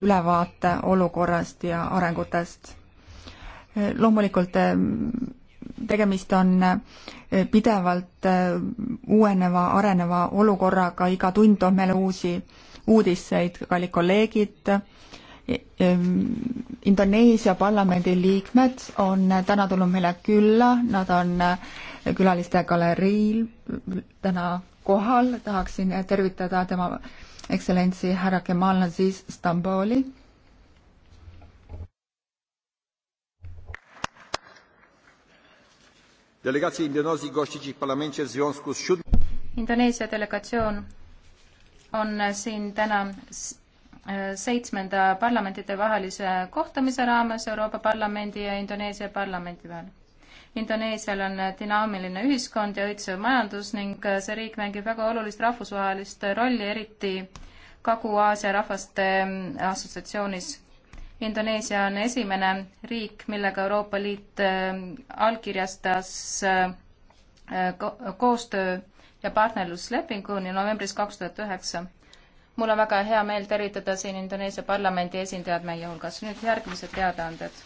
ülevaate olukorrast ja arengutest. loomulikult eh, tegemist on eh, pidevalt eh, uueneva, areneva olukorraga, iga tund on meil uusi uudiseid, kallid kolleegid, Indoneesia parlamendi liikmed on täna tulnud meile külla, nad on külaliste galeriil täna kohal, tahaksin tervitada tema ekstsellentsi härra Kemal Naziz Stamboli. delegacja Indonezji gości dziś w parlamencie w związku z siódmym Indoneesia delegatsioon on siin täna e, seitsmenda parlamentidevahelise kohtumise raames Euroopa Parlamendi ja Indoneesia parlamendi vahel Indoneesial on dünaamiline ühiskond ja õitsev majandus ning see riik mängib väga olulist rahvusvahelist rolli, eriti Kagu-Aasia rahvaste assotsiatsioonis. Indoneesia on esimene riik, millega Euroopa Liit ehm, allkirjastas ehm, koostöö ja partnerluslepingu novembris kaks tuhat üheksa mul on väga hea meel tervitada siin Indoneesia parlamendi esindajad meie hulgas. nüüd järgmised teadaanded